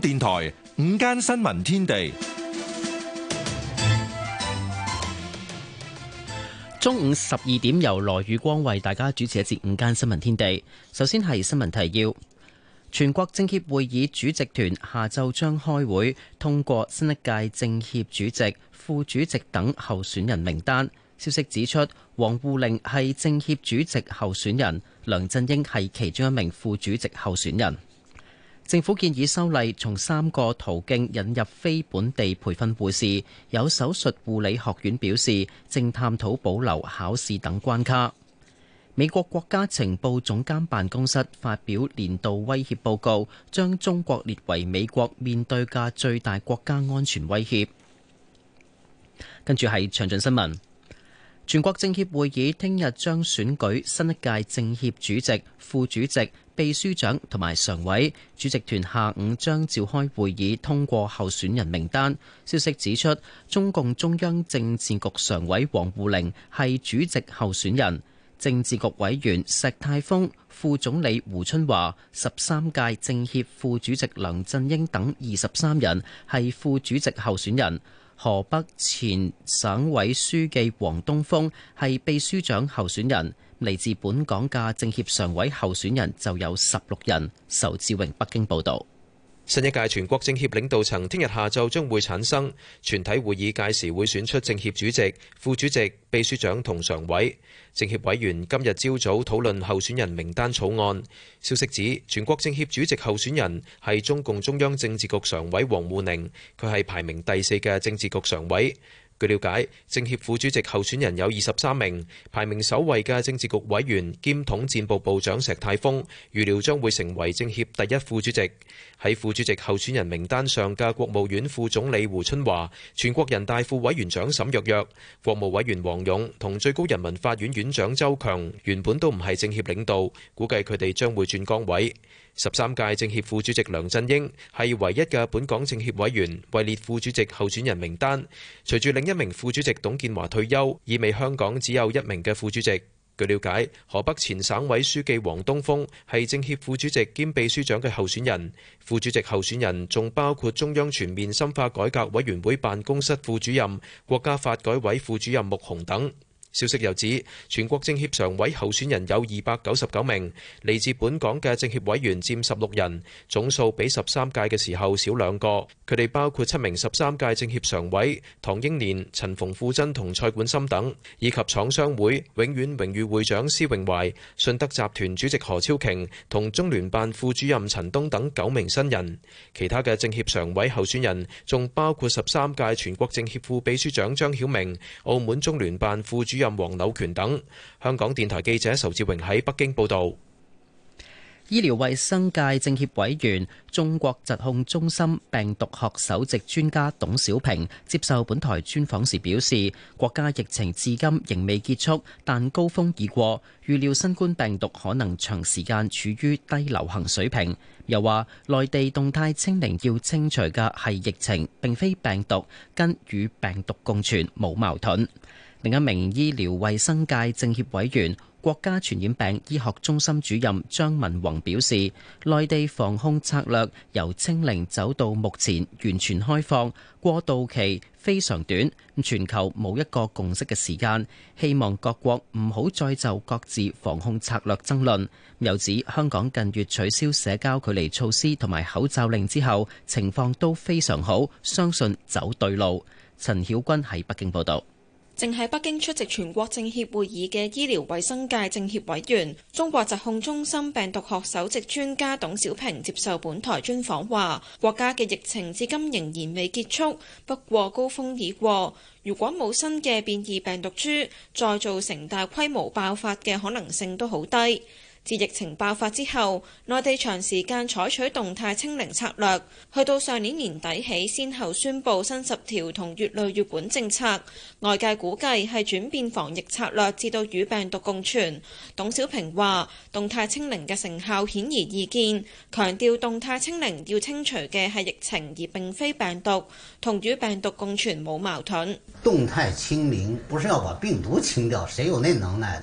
電台午間新聞天地，中午十二點，由羅宇光為大家主持一節午間新聞天地。首先係新聞提要：全國政協會議主席團下晝將開會通過新一屆政協主席、副主席等候選人名單。消息指出，王滬寧係政協主席候選人，梁振英係其中一名副主席候選人。政府建議修例，從三個途徑引入非本地培訓護士。有手術護理學院表示，正探討保留考試等關卡。美國國家情報總監辦公室發表年度威脅報告，將中國列為美國面對嘅最大國家安全威脅。跟住係詳盡新聞。全國政協會議聽日將選舉新一屆政協主席、副主席、秘書長同埋常委。主席團下午將召開會議，通過候選人名單。消息指出，中共中央政治局常委王滬寧係主席候選人，政治局委員石泰峰、副總理胡春華、十三屆政協副主席梁振英等二十三人係副主席候選人。河北前省委書記王東峰係秘書長候選人，嚟自本港嘅政協常委候選人就有十六人。仇志榮北京報道。新一屆全國政協領導層聽日下晝將會產生，全體會議屆時會選出政協主席、副主席、秘書長同常委。政協委員今日朝早討論候選人名單草案。消息指，全國政協主席候選人係中共中央政治局常委王滬寧，佢係排名第四嘅政治局常委。據了解，政協副主席候選人有二十三名，排名首位嘅政治局委員兼統戰部部長石泰峰預料將會成為政協第一副主席。喺副主席候選人名單上嘅國務院副總理胡春華、全國人大副委員長沈躍躍、國務委員王勇同最高人民法院院長周強原本都唔係政協領導，估計佢哋將會轉崗位。十三屆政協副主席梁振英係唯一嘅本港政協委員，位列副主席候選人名單，隨住另一名副主席董建華退休，意味香港只有一名嘅副主席。據了解，河北前省委書記王東峰係政協副主席兼秘書長嘅候選人，副主席候選人仲包括中央全面深化改革委員會辦公室副主任、國家發改委副主任穆虹等。消息又指，全國政協常委候選人有二百九十九名，嚟自本港嘅政協委員佔十六人，總數比十三屆嘅時候少兩個。佢哋包括七名十三屆政協常委唐英年、陳馮富珍同蔡冠深等，以及廠商會永遠榮譽會長施榮懷、信德集團主席何超瓊同中聯辦副主任陳東等九名新人。其他嘅政協常委候選人仲包括十三屆全國政協副秘書長張曉明、澳門中聯辦副主主任黃柳權等。香港電台記者仇志榮喺北京報道。醫療衛生界政協委員、中國疾控中心病毒學首席專家董小平接受本台專訪時表示，國家疫情至今仍未結束，但高峰已過，預料新冠病毒可能長時間處於低流行水平。又話，內地動態清零要清除嘅係疫情，並非病毒，跟與病毒共存冇矛盾。另一名醫療衛生界政協委員、國家傳染病醫學中心主任張文宏表示，內地防控策略由清零走到目前完全開放，過渡期非常短，全球冇一個共識嘅時間。希望各國唔好再就各自防控策略爭論。又指香港近月取消社交距離措施同埋口罩令之後，情況都非常好，相信走對路。陳曉君喺北京報導。正喺北京出席全國政協會議嘅醫療衛生界政協委員、中國疾控中心病毒學首席專家董小平接受本台專訪話：國家嘅疫情至今仍然未結束，不過高峰已過。如果冇新嘅變異病毒株，再造成大規模爆發嘅可能性都好低。自疫情爆發之後，內地長時間採取動態清零策略，去到上年年底起，先後宣布新十條同乙類乙管政策。外界估計係轉變防疫策略，至到與病毒共存。董小平話：動態清零嘅成效顯而易見，強調動態清零要清除嘅係疫情，而並非病毒，同與病毒共存冇矛盾。動態清零不是要把病毒清掉，誰有那能耐？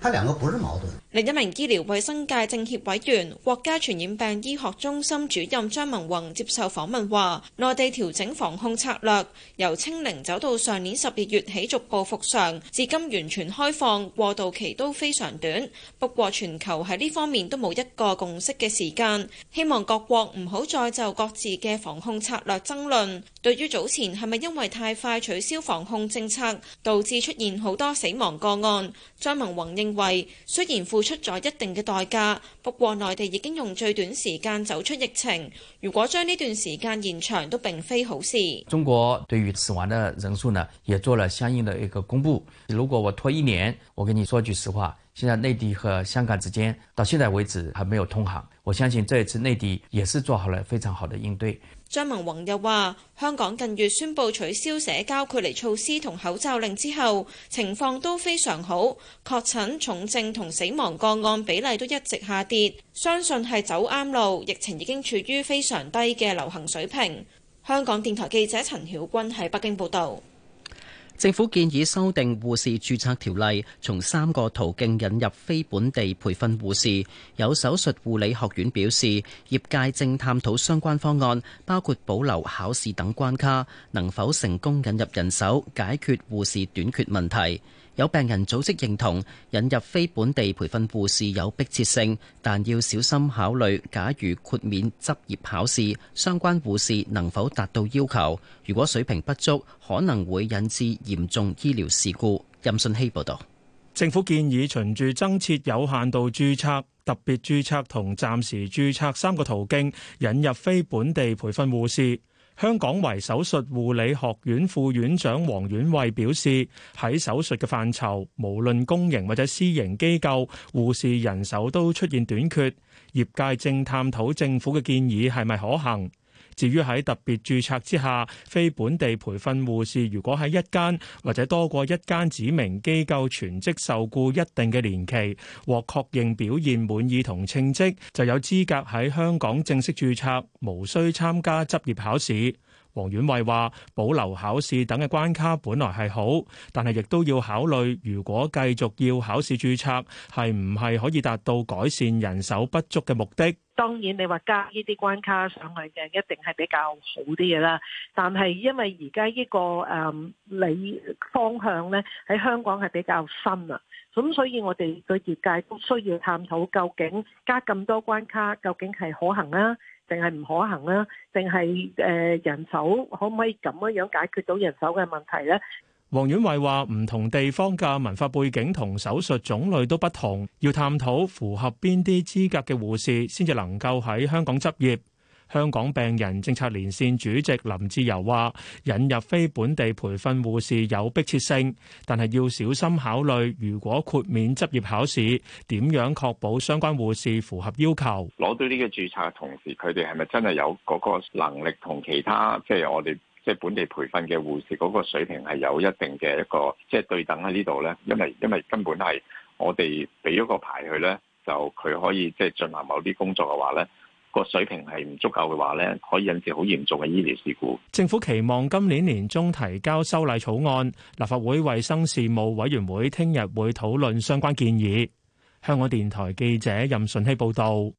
他兩個不是矛盾。另一名醫療衛生界政協委員、國家傳染病醫學中心主任張文宏接受訪問話：內地調整防控策略，由清零走到上年十二月起逐步復常，至今完全開放，過渡期都非常短。不過全球喺呢方面都冇一個共識嘅時間，希望各國唔好再就各自嘅防控策略爭論。對於早前係咪因為太快取消防控政策，導致出現好多死亡個案，張文宏認。認為雖然付出咗一定嘅代價，不過內地已經用最短時間走出疫情。如果將呢段時間延長，都並非好事。中國對於死亡的人數呢，也做了相應的一個公布。如果我拖一年，我跟你說句實話，現在內地和香港之間到現在爲止還沒有通航。我相信這一次內地也是做好了非常好的應對。張文宏又話：香港近月宣布取消社交距離措施同口罩令之後，情況都非常好，確診、重症同死亡個案比例都一直下跌，相信係走啱路，疫情已經處於非常低嘅流行水平。香港電台記者陳曉君喺北京報道。政府建議修訂護士註冊條例，從三個途徑引入非本地培訓護士。有手術護理學院表示，業界正探討相關方案，包括保留考試等關卡，能否成功引入人手，解決護士短缺問題。有病人組織認同引入非本地培訓護士有迫切性，但要小心考慮。假如豁免執業考試，相關護士能否達到要求？如果水平不足，可能會引致嚴重醫療事故。任信希報道。政府建議循住增設有限度註冊、特別註冊同暫時註冊三個途徑，引入非本地培訓護士。香港圍手術護理學院副院長黃婉惠表示：喺手術嘅範疇，無論公營或者私營機構，護士人手都出現短缺，業界正探討政府嘅建議係咪可行。至於喺特別註冊之下，非本地培訓護士，如果喺一間或者多過一間指明機構全職受雇一定嘅年期，獲確認表現滿意同稱職，就有資格喺香港正式註冊，無需參加執業考試。黃婉慧話：保留考試等嘅關卡本來係好，但係亦都要考慮，如果繼續要考試注冊，係唔係可以達到改善人手不足嘅目的？當然你話加呢啲關卡上去嘅，一定係比較好啲嘅啦。但係因為而家呢個誒理方向咧喺香港係比較深啊，咁所以我哋個業界都需要探討，究竟加咁多關卡究竟係可行啦。定係唔可行啦，定係誒人手可唔可以咁樣樣解決到人手嘅問題呢？黃婉慧話：唔同地方嘅文化背景同手術種類都不同，要探討符合邊啲資格嘅護士先至能夠喺香港執業。香港病人政策連線主席林志由話：引入非本地培訓護士有迫切性，但係要小心考慮，如果豁免執業考試，點樣確保相關護士符合要求？攞到呢個注冊嘅同時，佢哋係咪真係有嗰個能力同其他即係、就是、我哋即係本地培訓嘅護士嗰個水平係有一定嘅一個即係、就是、對等喺呢度咧？因為因為根本係我哋俾咗個牌佢咧，就佢可以即係進行某啲工作嘅話咧。個水平係唔足夠嘅話咧，可以引致好嚴重嘅醫療事故。政府期望今年年中提交修例草案，立法會衞生事務委員會聽日會討論相關建議。香港電台記者任順熙報導。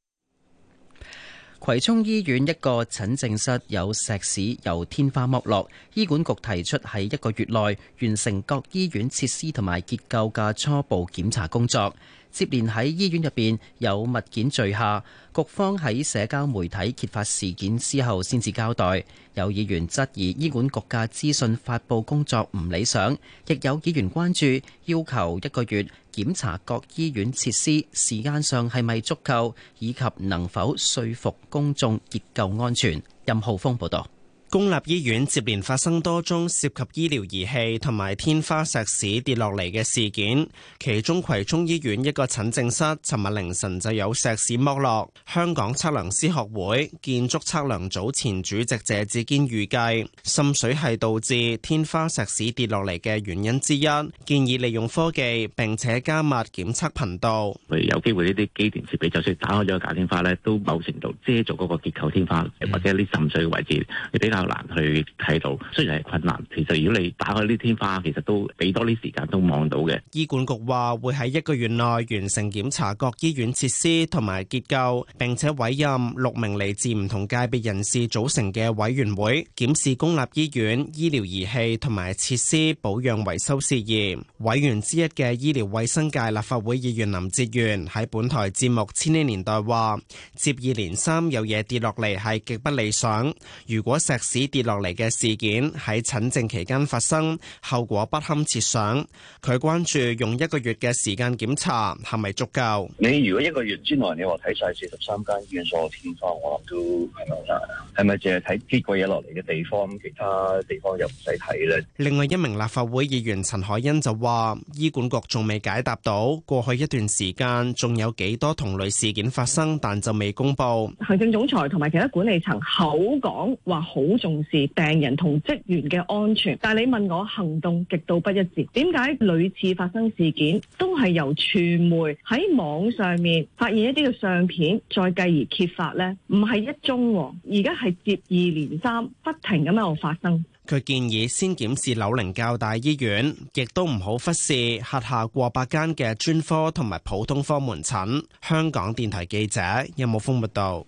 葵涌醫院一個診症室有石屎由天花剝落，醫管局提出喺一個月內完成各醫院設施同埋結構嘅初步檢查工作。接連喺醫院入面有物件墜下，局方喺社交媒體揭發事件之後先至交代。有議員質疑醫管局嘅資訊發佈工作唔理想，亦有議員關注要求一個月，檢查各醫院設施，時間上係咪足夠，以及能否說服公眾結構安全。任浩峰報導。公立醫院接連發生多宗涉及醫療儀器同埋天花石屎跌落嚟嘅事件，其中葵涌醫院一個診症室，尋日凌晨就有石屎剝落。香港測量師學會建築測量組前主席謝志堅預計，滲水係導致天花石屎跌落嚟嘅原因之一，建議利用科技並且加密檢測頻度。有機會呢啲機電設備就算打開咗個假天花呢，都某程度遮咗嗰個結構天花或者呢滲水嘅位置。較難去睇到。雖然係困難，其實如果你打開啲天花，其實都俾多啲時間都望到嘅。醫管局話會喺一個月內完成檢查各醫院設施同埋結構，並且委任六名嚟自唔同界別人士組成嘅委員會，檢視公立醫院醫療儀器同埋設施保養維修事宜。委員之一嘅醫療衛生界立法會議員林哲元喺本台節目《千禧年代》話：接二連三有嘢跌落嚟係極不理想，如果石。市跌落嚟嘅事件喺診症期間發生，後果不堪設想。佢關注用一個月嘅時間檢查係咪足夠？你如果一個月之內你，你話睇晒四十三間醫院所有天花，我諗都係啦。係咪淨係睇跌過嘢落嚟嘅地方，其他地方又唔使睇咧？另外一名立法會議員陳海欣就話，醫管局仲未解答到過去一段時間仲有幾多同類事件發生，但就未公布。行政總裁同埋其他管理層口講話好。重視病人同職員嘅安全，但係你問我行動極度不一致，點解屢次發生事件都係由傳媒喺網上面發現一啲嘅相片，再繼而揭發呢？唔係一宗，哦，而家係接二連三，不停咁喺度發生。佢建議先檢視樓齡較大醫院，亦都唔好忽視轄下過百間嘅專科同埋普通科門診。香港電台記者任武峰報道。有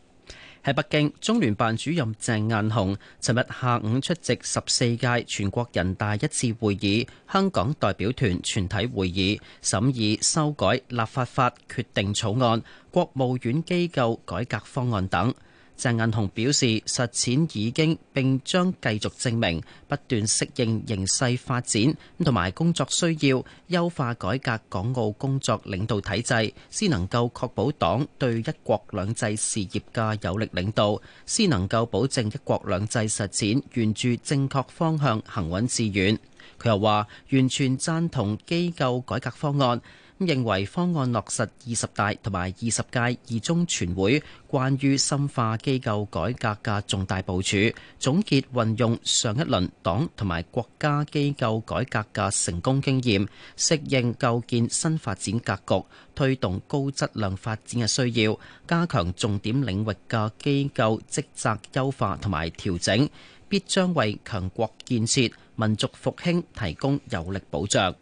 喺北京，中聯辦主任鄭雁雄尋日下午出席十四屆全國人大一次會議、香港代表團全體會議，審議修改《立法法》決定草案、國務院機構改革方案等。鄭雁雄表示，實踐已經並將繼續證明，不斷適應形勢發展，同埋工作需要，優化改革港澳工作領導體制，先能夠確保黨對一國兩制事業嘅有力領導，先能夠保證一國兩制實踐沿住正確方向行穩致遠。佢又話，完全贊同機構改革方案。認為方案落實二十大同埋二十屆二中全會關於深化機構改革的重大部署，總結運用上一輪黨同埋國家機構改革的成功經驗，適應構建新發展格局，推動高質量發展的需要，加強重點領域的機構職責優化同埋調整，必將為強國建設，民族復興提供有力保障。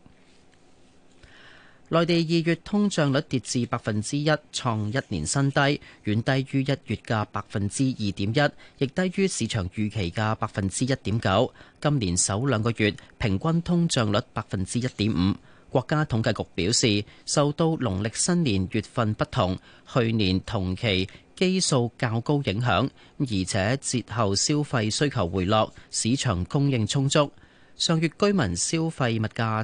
內地二月通脹率跌至百分之一，創一年新低，遠低於一月嘅百分之二點一，亦低於市場預期嘅百分之一點九。今年首兩個月平均通脹率百分之一點五。國家統計局表示，受到農曆新年月份不同、去年同期基數較高影響，而且節後消費需求回落，市場供應充足。上月居民消費物價，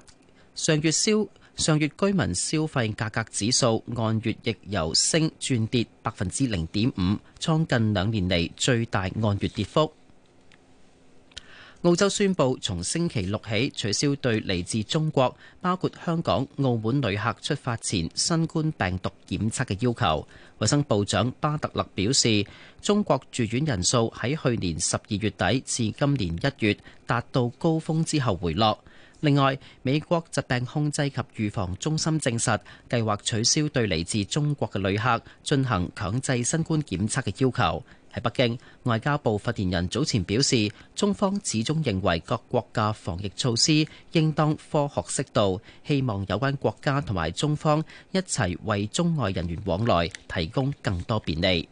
上月消上月居民消費價格指數按月亦由升轉跌百分之零點五，創近兩年嚟最大按月跌幅。澳洲宣布從星期六起取消對嚟自中國，包括香港、澳門旅客出發前新冠病毒檢測嘅要求。衛生部長巴特勒表示，中國住院人數喺去年十二月底至今年一月達到高峰之後回落。另外，美國疾病控制及預防中心證實，計劃取消對嚟自中國嘅旅客進行強制新冠檢測嘅要求。喺北京，外交部發言人早前表示，中方始終認為各國嘅防疫措施應當科學適度，希望有關國家同埋中方一齊為中外人員往來提供更多便利。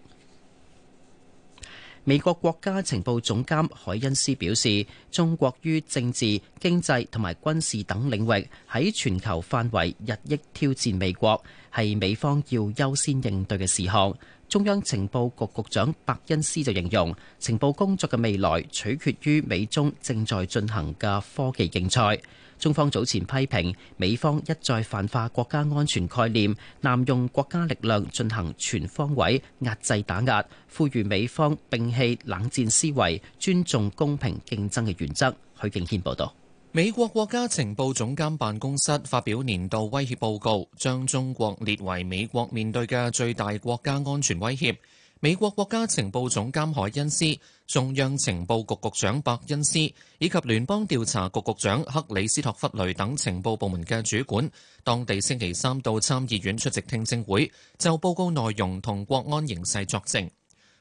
美國國家情報總監海恩斯表示，中國於政治、經濟同埋軍事等領域喺全球範圍日益挑戰美國，係美方要優先應對嘅事項。中央情報局局長伯恩斯就形容，情報工作嘅未來取決於美中正在進行嘅科技競賽。中方早前批評美方一再泛化國家安全概念，濫用國家力量進行全方位壓制打壓，呼籲美方摒棄冷戰思維，尊重公平競爭嘅原則。許敬軒報道。美國國家情報總監辦公室發表年度威脅報告，將中國列為美國面對嘅最大國家安全威脅。美國國家情報總監海恩斯、中央情報局局長伯恩斯以及聯邦調查局局長克里斯托弗雷等情報部門嘅主管，當地星期三到參議院出席聽證會，就報告內容同國安形勢作證。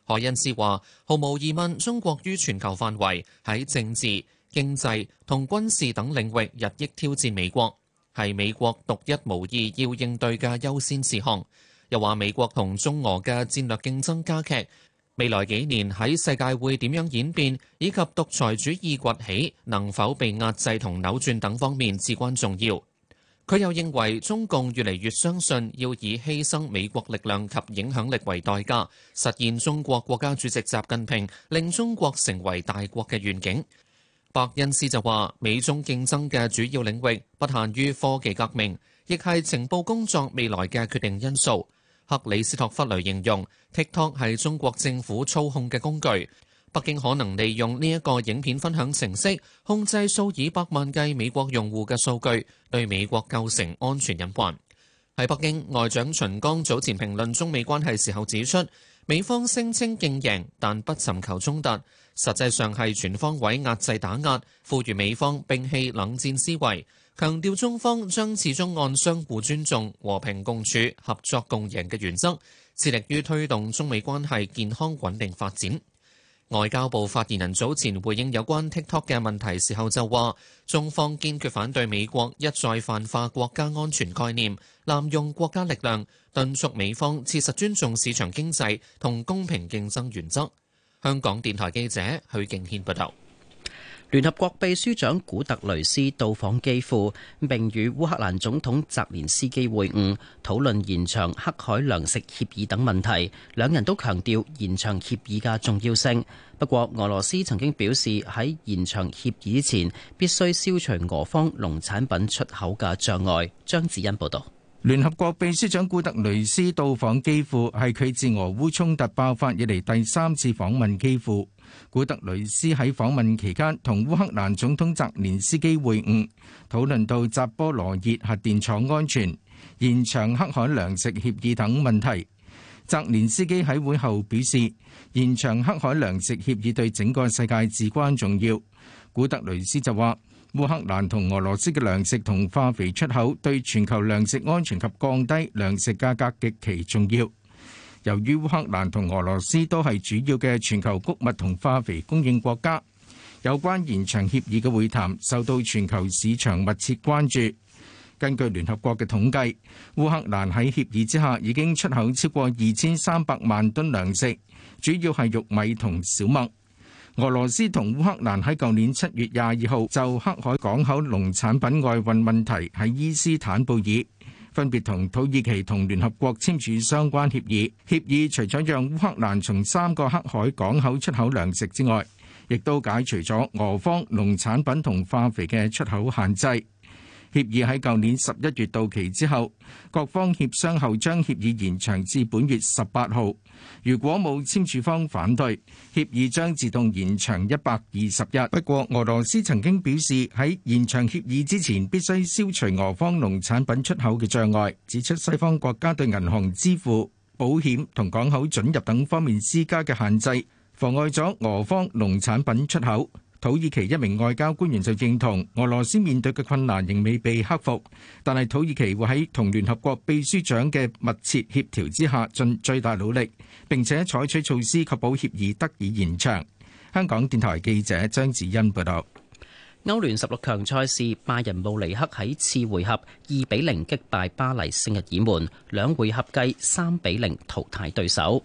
海恩斯話：毫無疑問，中國於全球範圍喺政治、經濟同軍事等領域日益挑戰美國，係美國獨一無二要應對嘅優先事項。又話美國同中俄嘅戰略競爭加劇，未來幾年喺世界會點樣演變，以及獨裁主義崛起能否被壓制同扭轉等方面至關重要。佢又認為中共越嚟越相信要以犧牲美國力量及影響力為代價，實現中國國家主席習近平令中國成為大國嘅願景。伯恩斯就話：美中競爭嘅主要領域不限於科技革命，亦係情報工作未來嘅決定因素。克里斯托弗雷形容 TikTok 係中國政府操控嘅工具，北京可能利用呢一個影片分享程式控制數以百萬計美國用戶嘅數據，對美國構成安全隱患。喺北京，外長秦剛早前評論中美關係時候指出，美方聲稱競贏，但不尋求衝突，實際上係全方位壓制打壓，呼籲美方摒棄冷戰思維。強調中方將始終按相互尊重、和平共處、合作共贏嘅原則，致力於推動中美關係健康穩定發展。外交部發言人早前回應有關 TikTok 嘅問題時候就話，中方堅決反對美國一再泛化國家安全概念，濫用國家力量，敦促美方切實尊重市場經濟同公平競爭原則。香港電台記者許敬軒報導。聯合國秘書長古特雷斯到訪基輔，並與烏克蘭總統澤連斯基會晤，討論延長黑海糧食協議等問題。兩人都強調延長協議嘅重要性。不過，俄羅斯曾經表示喺延長協議之前，必須消除俄方農產品出口嘅障礙。張子欣報導。聯合國秘書長古特雷斯到訪基輔，係佢自俄烏衝突爆發以嚟第三次訪問基輔。古特雷斯喺訪問期間同烏克蘭總統澤連斯基會晤，討論到扎波羅熱核電廠安全、延長黑海糧食協議等問題。澤連斯基喺會後表示，延長黑海糧食協議對整個世界至關重要。古特雷斯就話，烏克蘭同俄羅斯嘅糧食同化肥出口對全球糧食安全及降低糧食價格極其重要。由於烏克蘭同俄羅斯都係主要嘅全球穀物同化肥供應國家，有關延長協議嘅會談受到全球市場密切關注。根據聯合國嘅統計，烏克蘭喺協議之下已經出口超過二千三百萬噸糧食，主要係玉米同小麥。俄羅斯同烏克蘭喺舊年七月廿二號就黑海港口農產品外運問題喺伊斯坦布爾，分別同土耳其同聯合國簽署相關協議。協議除咗讓烏克蘭從三個黑海港口出口糧食之外，亦都解除咗俄方農產品同化肥嘅出口限制。協議喺舊年十一月到期之後，各方協商後將協議延長至本月十八號。如果冇簽署方反對，協議將自動延長一百二十日。不過，俄羅斯曾經表示喺延長協議之前，必須消除俄方農產品出口嘅障礙，指出西方國家對銀行支付、保險同港口准入等方面施加嘅限制，妨礙咗俄方農產品出口。土耳其一名外交官員就認同，俄羅斯面對嘅困難仍未被克服，但係土耳其會喺同聯合國秘書長嘅密切協調之下，盡最大努力，並且採取措施確保協議得以延長。香港電台記者張子欣報道。歐聯十六強賽事，拜仁慕尼黑喺次回合2比0擊敗巴黎聖日耳門，兩回合計3比0淘汰對手。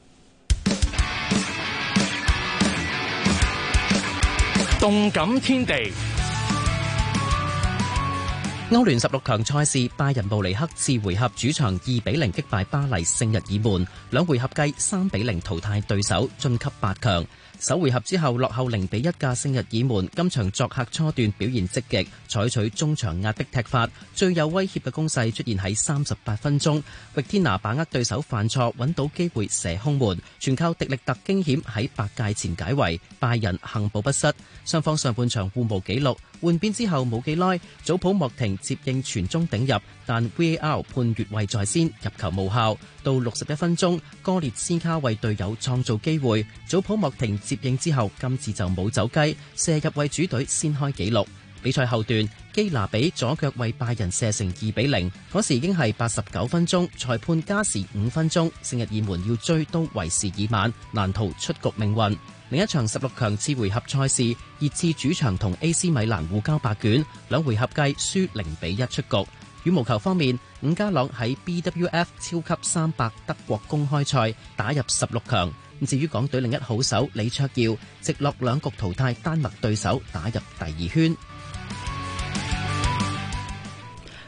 動感天地首回合之後落後零比一嘅聖日耳門，今場作客初段表現積極，採取中場壓逼踢法，最有威脅嘅攻勢出現喺三十八分鐘，域天拿把握對手犯錯揾到機會射空門，全靠迪力特驚險喺八界前解圍。拜仁恆保不失，雙方上半場互無紀錄。換邊之後冇幾耐，祖普莫廷接應傳中頂入，但 VAR 判越位在先，入球無效。到六十一分鐘，哥列斯卡為隊友創造機會，祖普莫廷應之後，今次就冇走雞，射入為主隊先開紀錄。比賽後段，基拿比左腳為拜仁射成2比0，嗰時已經係89分鐘，裁判加時5分鐘，聖日耳門要追都為時已晚，難逃出局命運。另一場十六強次回合賽事，熱刺主場同 AC 米蘭互交白卷，兩回合計輸0比1出局。羽毛球方面，伍家朗喺 BWF 超級300德國公開賽打入十六強。至於港隊另一好手李卓耀，直落兩局淘汰丹麥對手，打入第二圈。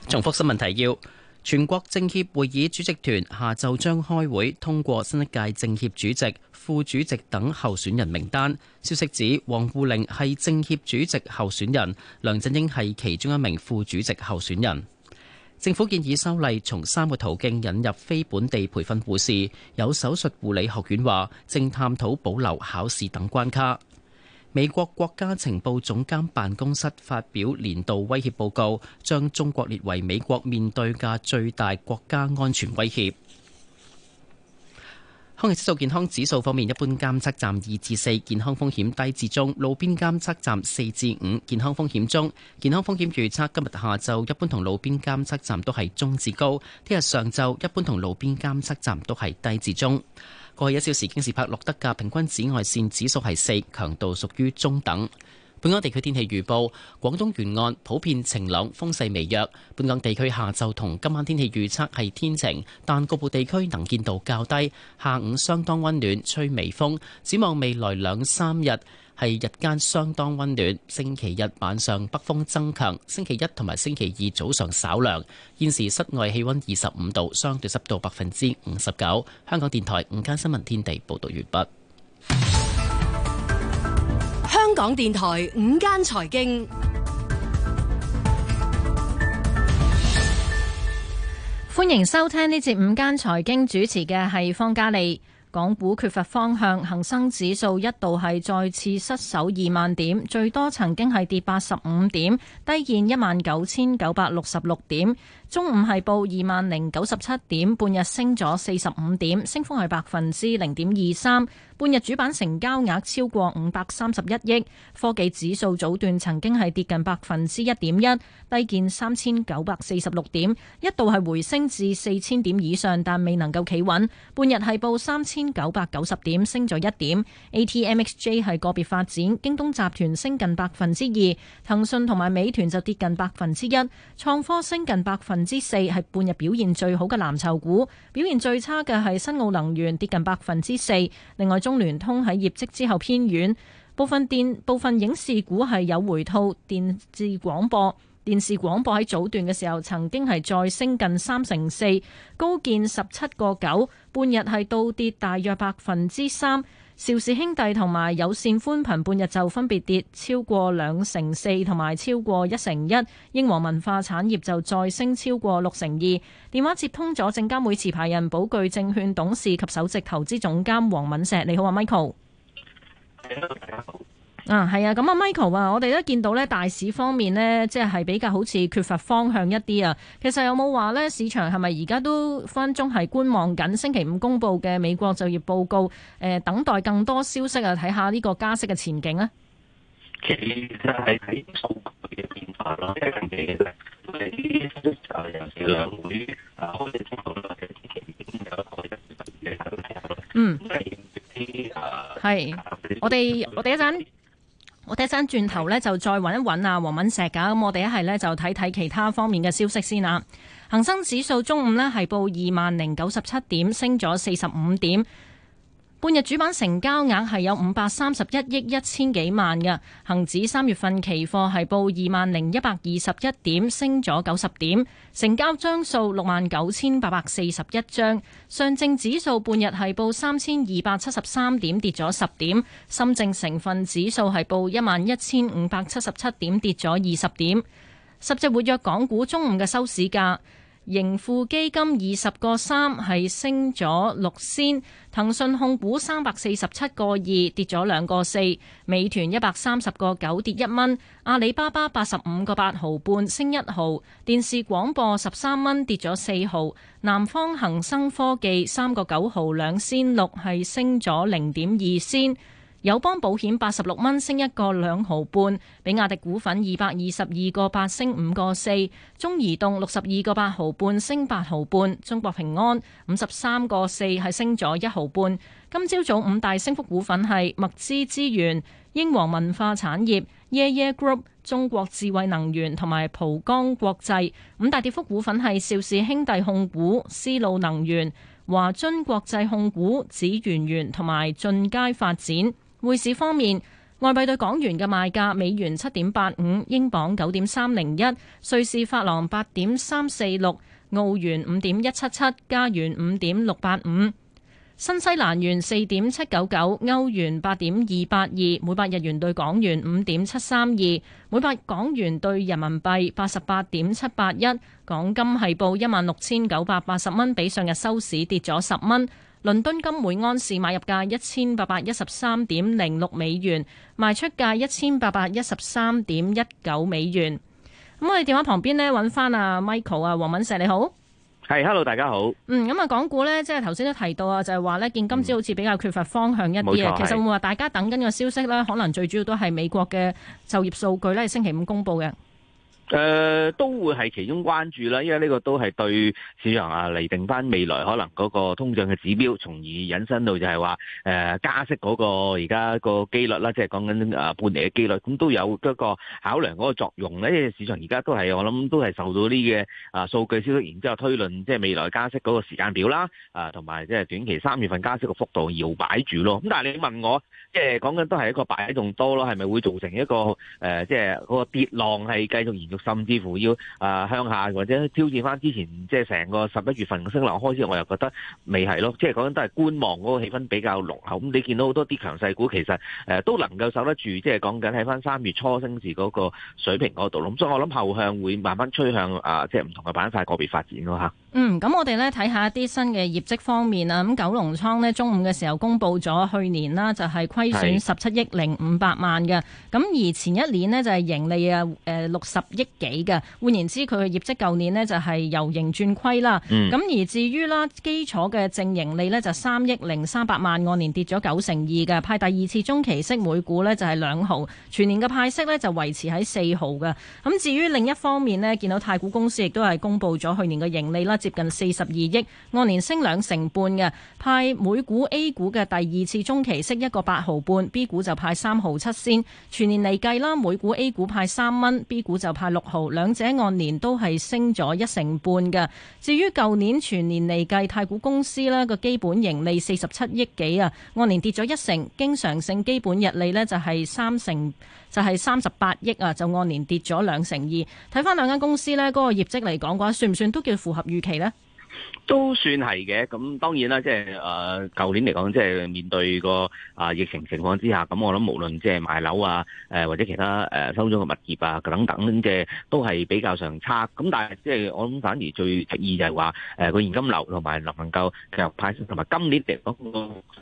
重複新聞提要：全國政協會議主席團下晝將開會通過新一屆政協主席、副主席等候選人名單。消息指，王滬寧係政協主席候選人，梁振英係其中一名副主席候選人。政府建議修例，從三個途徑引入非本地培訓護士。有手術護理學院話，正探討保留考試等關卡。美國國家情報總監辦公室發表年度威脅報告，將中國列為美國面對嘅最大國家安全威脅。空氣質素健康指數方面，一般監測站二至四，健康風險低至中；路邊監測站四至五，健康風險中。健康風險預測今日下晝一般同路邊監測站都係中至高，聽日上晝一般同路邊監測站都係低至中。過去一小時京士柏錄得嘅平均紫外線指數係四，強度屬於中等。本港地區天氣預報，廣東沿岸普遍晴朗，風勢微弱。本港地區下晝同今晚天氣預測係天晴，但局部地區能見度較低。下午相當溫暖，吹微風，展望未來兩三日係日間相當溫暖。星期日晚上北風增強，星期一同埋星期二早上稍涼。現時室外氣溫二十五度，相對濕度百分之五十九。香港電台午間新聞天地報道完畢。港電台午間財經，歡迎收聽呢節午間財經，主持嘅係方嘉利。港股缺乏方向，恒生指數一度係再次失守二萬點，最多曾經係跌八十五點，低見一萬九千九百六十六點。中午係報二萬零九十七點，半日升咗四十五點，升幅係百分之零點二三。半日主板成交額超過五百三十一億，科技指數早段曾經係跌近百分之一點一，低見三千九百四十六點，一度係回升至四千點以上，但未能夠企穩。半日係報三千九百九十點，升咗一點。ATMXJ 係個別發展，京東集團升近百分之二，騰訊同埋美團就跌近百分之一，創科升近百分之四，係半日表現最好嘅藍籌股，表現最差嘅係新奧能源跌近百分之四。另外，中聯通喺業績之後偏軟，部分電部分影視股係有回吐。電視廣播電視廣播喺早段嘅時候曾經係再升近三成四，高見十七個九，半日係倒跌大約百分之三。邵氏兄弟同埋有線寬頻半日就分別跌超過兩成四，同埋超過一成一。英皇文化產業就再升超過六成二。電話接通咗證監會持牌人寶具證券董事及首席投資總監黃敏石。你好，啊 Michael。啊，係啊，咁、嗯、啊，Michael 啊，我哋都見到咧，大市方面呢，即係比較好似缺乏方向一啲啊。其實有冇話咧，市場係咪而家都分鐘係觀望緊星期五公布嘅美國就業報告？誒、呃，等待更多消息啊，睇下，呢個加息嘅前景啊。其實係睇數據嘅變化咯，嗯。係。我哋我哋一陣。我哋一陣轉頭咧，就再揾一揾啊黃敏石㗎。咁我哋一係咧就睇睇其他方面嘅消息先啦。恒生指數中午呢，係報二萬零九十七點，升咗四十五點。半日主板成交額係有五百三十一億一千幾萬嘅，恒指三月份期貨係報二萬零一百二十一點，升咗九十點，成交張數六萬九千八百四十一張。上證指數半日係報三千二百七十三點，跌咗十點。深證成分指數係報一萬一千五百七十七點，跌咗二十點。十隻活躍港股中午嘅收市價。盈富基金二十個三係升咗六仙，騰訊控股三百四十七個二跌咗兩個四，美團一百三十個九跌一蚊，阿里巴巴八十五個八毫半升一毫，電視廣播十三蚊跌咗四毫，南方恒生科技三個九毫兩仙六係升咗零點二仙。友邦保險八十六蚊升一個兩毫半，比亞迪股份二百二十二個八升五個四，中移動六十二個八毫半升八毫半，中國平安五十三個四係升咗一毫半。今朝早五大升幅股份係麥資資源、英皇文化產業、耶耶 group、中國智慧能源同埋浦江國際。五大跌幅股份係邵氏兄弟控股、絲路能源、華津國際控股、指源源同埋進階發展。匯市方面，外幣對港元嘅賣價：美元七點八五，英鎊九點三零一，瑞士法郎八點三四六，澳元五點一七七，加元五點六八五，新西蘭元四點七九九，歐元八點二八二，每百日元對港元五點七三二，每百港元對人民幣八十八點七八一。港金係報一萬六千九百八十蚊，比上日收市跌咗十蚊。倫敦金每安士買入價一千八百一十三點零六美元，賣出價一千八百一十三點一九美元。咁我哋電話旁邊呢，揾翻阿 Michael 啊，黃敏石你好，係，hello，大家好。嗯，咁啊，港股呢，即係頭先都提到啊，就係、是、話呢，見今朝好似比較缺乏方向一啲啊。嗯、其實會話是大家等緊個消息咧，可能最主要都係美國嘅就業數據呢，星期五公布嘅。誒、呃，都會係其中關注啦，因為呢個都係對市場啊嚟定翻未來可能嗰個通脹嘅指標，從而引申到就係話，誒、呃、加息嗰個而家個機率啦，即係講緊啊半年嘅機率，咁、嗯、都有一個考量嗰個作用咧。因為市場而家都係我諗都係受到呢個啊數據消息，然之後推論即係未來加息嗰個時間表啦，啊同埋即係短期三月份加息嘅幅度搖擺住咯。咁但係你問我，即係講緊都係一個擺動多咯，係咪會造成一個誒、呃、即係嗰個跌浪係繼續延續？甚至乎要啊、呃、向下，或者挑戰翻之前即係成個十一月份嘅升浪開始，我又覺得未係咯，即係講緊都係觀望嗰個氣氛比較濃厚。咁、嗯、你見到好多啲強勢股其實誒、呃、都能夠守得住，即係講緊喺翻三月初升至嗰個水平嗰度。咁所以我諗後向會慢慢趨向啊、呃，即係唔同嘅板塊個別發展咯吓，嗯，咁、嗯、我哋咧睇下一啲新嘅業績方面啊，咁、嗯、九龍倉呢，中午嘅時候公布咗去年啦就係、是、虧損十七億零五百萬嘅，咁是而前一年呢，就係、是、盈利啊誒六十億。幾嘅，換言之，佢嘅業績舊年呢就係由盈轉虧啦。咁、嗯、而至於啦，基礎嘅正盈利呢就三億零三百萬，按年跌咗九成二嘅，派第二次中期息每股呢就係兩毫，全年嘅派息呢就維持喺四毫嘅。咁至於另一方面呢，見到太古公司亦都係公布咗去年嘅盈利啦，接近四十二億，按年升兩成半嘅，派每股 A 股嘅第二次中期息一個八毫半，B 股就派三毫七仙。全年嚟計啦，每股 A 股派三蚊，B 股就派六號兩者按年都係升咗一成半㗎。至於舊年全年嚟計，太古公司呢個基本盈利四十七億幾啊，按年跌咗一成。經常性基本溢利呢就係三成，就係三十八億啊，就按年跌咗兩成二。睇翻兩間公司呢個業績嚟講嘅話，算唔算都叫符合預期呢？都算係嘅，咁當然啦，即係誒，舊、呃、年嚟講，即係面對個啊疫情情況之下，咁我諗無論即係賣樓啊，誒、呃、或者其他誒收租嘅物業啊等等嘅，即是都係比較上差。咁但係即係我諗反而最得意就係話，誒、呃、個現金流同埋能唔能夠繼續派，同埋今年嘅嗰個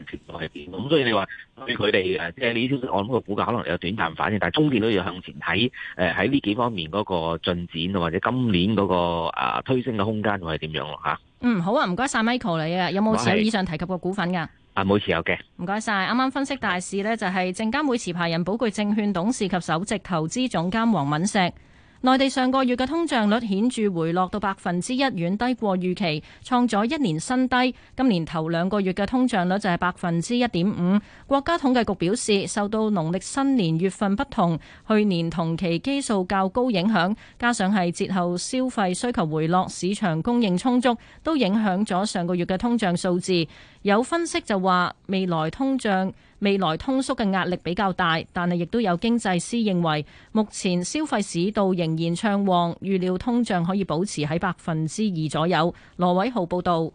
程度係點？咁所以你話對佢哋誒，即係呢啲公司，我諗個股價可能有短暫反應，但係中電都要向前睇。誒喺呢幾方面嗰個進展，或者今年嗰個啊推升嘅空間會係點樣啊？嗯，好啊，唔該晒，Michael 你啊，有冇持有以上提及嘅股份噶？啊，冇持有嘅。唔該晒，啱啱分析大市呢，就係證監會持牌人寶钜證券董事及首席投資總監黃敏石。內地上個月嘅通脹率顯著回落到百分之一，遠低過預期，創咗一年新低。今年頭兩個月嘅通脹率就係百分之一點五。國家統計局表示，受到農曆新年月份不同、去年同期基數較高影響，加上係節後消費需求回落、市場供應充足，都影響咗上個月嘅通脹數字。有分析就話，未來通脹未來通縮嘅壓力比較大，但係亦都有經濟師認為，目前消費市道仍然暢旺，預料通脹可以保持喺百分之二左右。羅偉豪報道。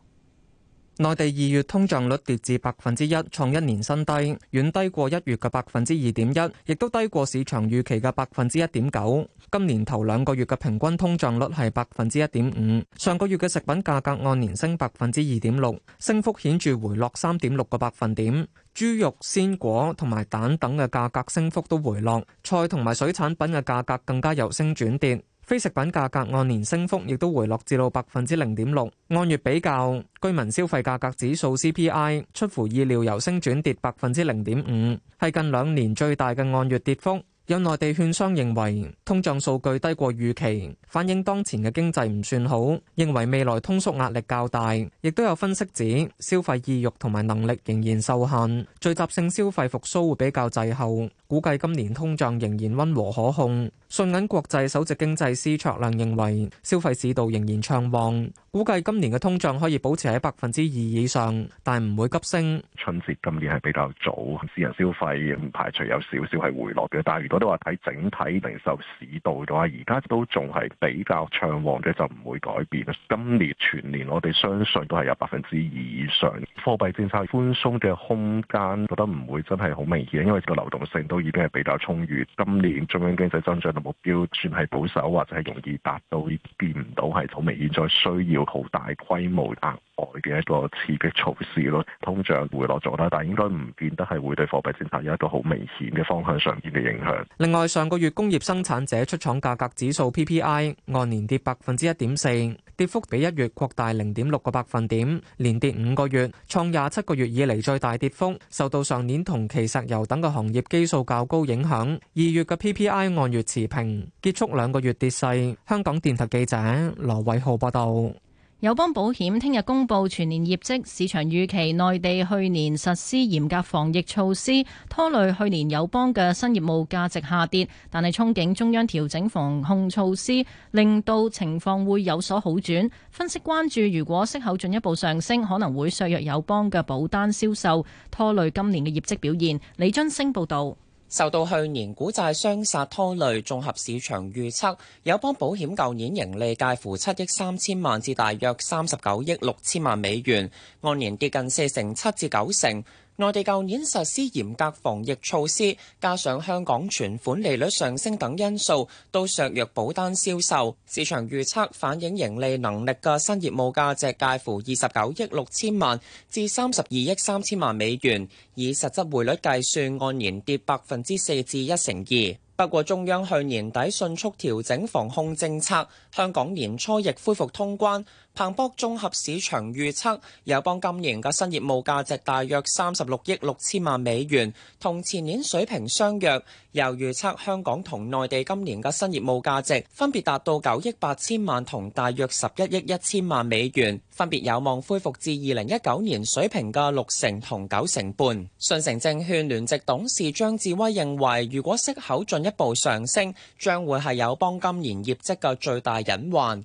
內地二月通脹率跌至百分之一，創一年新低，遠低過一月嘅百分之二點一，亦都低過市場預期嘅百分之一點九。今年頭兩個月嘅平均通脹率係百分之一點五，上個月嘅食品價格按年升百分之二點六，升幅顯著回落三點六個百分點。豬肉、鮮果同埋蛋等嘅價格升幅都回落，菜同埋水產品嘅價格更加由升轉跌。非食品價格按年升幅亦都回落至到百分之零點六，按月比較，居民消費價格指數 CPI 出乎意料由升轉跌百分之零點五，係近兩年最大嘅按月跌幅。有內地券商認為通脹數據低過預期，反映當前嘅經濟唔算好，認為未來通縮壓力較大。亦都有分析指消費意欲同埋能力仍然受限，聚集性消費復甦會比較滯後。估計今年通脹仍然溫和可控。信銀國際首席經濟師卓亮認為消費市道仍然暢旺。估計今年嘅通脹可以保持喺百分之二以上，但唔會急升。春節今年係比較早，私人消費唔排除有少少係回落嘅。但係如果都話睇整體零售市道嘅話，而家都仲係比較暢旺嘅，就唔會改變。今年全年我哋相信都係有百分之二以上。貨幣政策寬鬆嘅空間覺得唔會真係好明顯，因為個流動性都已經係比較充裕。今年中央經濟增長嘅目標算係保守，或者係容易達到，見唔到係好明顯再需要好大規模額外嘅一個刺激措施咯，通脹回落咗啦，但應該唔見得係會對貨幣政策有一個好明顯嘅方向上邊嘅影響。另外，上個月工業生產者出廠價格指數 PPI 按年跌百分之一點四，跌幅比一月擴大零點六個百分點，連跌五個月，創廿七個月以嚟最大跌幅，受到上年同期石油等嘅行業基數較高影響，二月嘅 PPI 按月持平，結束兩個月跌勢，香港電台記者羅偉浩報道。友邦保險聽日公布全年業績，市場預期內地去年實施嚴格防疫措施，拖累去年友邦嘅新業務價值下跌。但係憧憬中央調整防控措施，令到情況會有所好轉。分析關注，如果息口進一步上升，可能會削弱友邦嘅保單銷售，拖累今年嘅業績表現。李津升報導。受到去年股債雙殺拖累，綜合市場預測友邦保險舊年盈利介乎七億三千萬至大約三十九億六千萬美元，按年跌近四成七至九成。內地舊年實施嚴格防疫措施，加上香港存款利率上升等因素，都削弱保單銷售。市場預測反映盈利能力嘅新業務價值介乎二十九億六千萬至三十二億三千萬美元，以實質匯率計算，按年跌百分之四至一成二。不過，中央去年底迅速調整防控政策，香港年初亦恢復通關。彭博綜合市場預測，友邦今年嘅新業務價值大約三十六億六千萬美元，同前年水平相若。又預測香港同內地今年嘅新業務價值分別達到九億八千萬同大約十一億一千萬美元，分別有望恢復至二零一九年水平嘅六成同九成半。信誠證券聯席董事張志威認為，如果息口進一步上升，將會係友邦今年業績嘅最大隱患。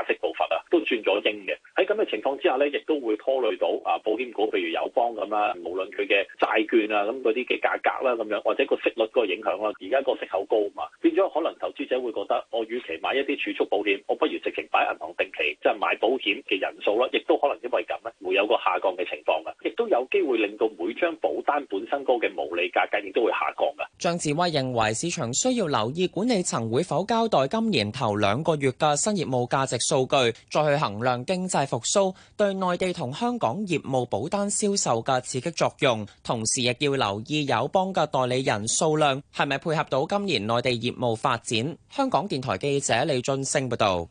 轉咗鷹嘅喺咁嘅情況之下咧，亦都會拖累到啊，保險股譬如友邦咁啦，無論佢嘅債券啊咁嗰啲嘅價格啦，咁樣或者個息率個影響啦，而家個息口高嘛，變咗可能投資者會覺得我與其買一啲儲蓄保險，我不如直情擺喺銀行定期，即係買保險嘅人數啦，亦都可能因為咁咧會有個下降嘅情況噶，亦都有機會令到每張保單本身高嘅毛利價格亦都會下降噶。張志威認為市場需要留意管理層會否交代今年頭兩個月嘅新業務價值數據，再去。衡量經濟復甦對內地同香港業務保單銷售嘅刺激作用，同時亦要留意友邦嘅代理人數量，係咪配合到今年內地業務發展，香港電台記者李俊升報導。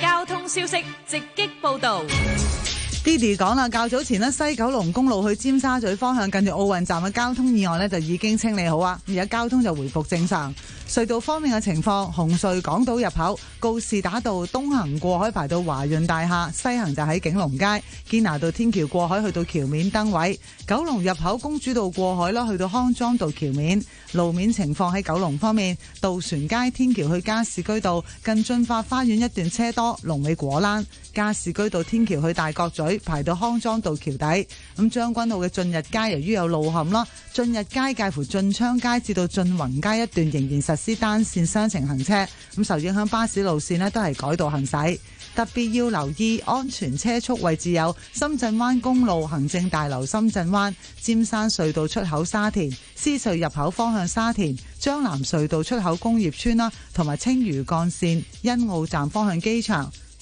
交通消息，直擊報導。Diddy 講啦，較早前咧西九龍公路去尖沙咀方向，近住奧運站嘅交通意外呢，就已經清理好啊，而家交通就回復正常。隧道方面嘅情況，紅隧港島入口告士打道東行過海排到華潤大廈，西行就喺景隆街堅拿道天橋過海去到橋面燈位。九龍入口公主道過海咯，去到康莊道橋面路面情況喺九龍方面，渡船街天橋去加士居道近駿發花園一段車多，龍尾果欄。加士居道天橋去大角咀，排到康莊道橋底，咁將軍澳嘅駿日街由於有路陷啦，駿日街介乎駿昌街至到駿宏街一段仍然實施單線雙程行車，咁受影響巴士路線咧都係改道行駛，特別要留意安全車速位置有深圳灣公路行政大樓、深圳灣、尖山隧道出口、沙田獅隧入口方向、沙田、將藍隧道出口工業村啦，同埋青嶼幹線欣澳站方向機場。